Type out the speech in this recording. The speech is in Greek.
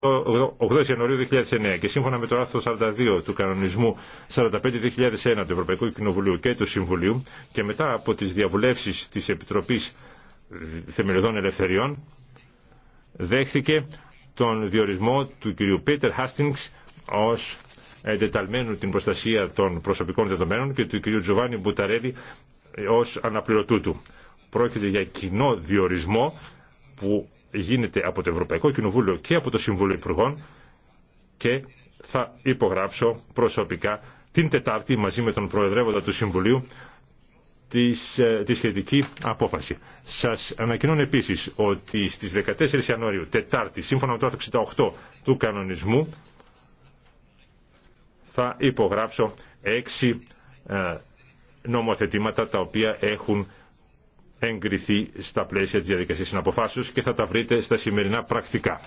8 Ιανουαρίου 2009 και σύμφωνα με το άρθρο 42 του κανονισμού 45-2001 του Ευρωπαϊκού Κοινοβουλίου και του Συμβουλίου και μετά από τις διαβουλεύσεις της Επιτροπής Θεμελιωδών Ελευθεριών δέχθηκε τον διορισμό του κ. Πίτερ Χάστινγκς ως εντεταλμένου την προστασία των προσωπικών δεδομένων και του κ. Τζοβάνι Μπουταρέλη ως αναπληρωτού του. Πρόκειται για κοινό διορισμό που γίνεται από το Ευρωπαϊκό Κοινοβούλιο και από το Συμβούλιο Υπουργών και θα υπογράψω προσωπικά την Τετάρτη μαζί με τον Προεδρεύοντα του Συμβουλίου της, ε, τη σχετική απόφαση. Σας ανακοινώνω επίσης ότι στις 14 Ιανουαρίου, Τετάρτη, σύμφωνα με το άρθρο 68 του κανονισμού, θα υπογράψω έξι ε, νομοθετήματα τα οποία έχουν εγκριθεί στα πλαίσια της διαδικασίας συναποφάσεως και θα τα βρείτε στα σημερινά πρακτικά.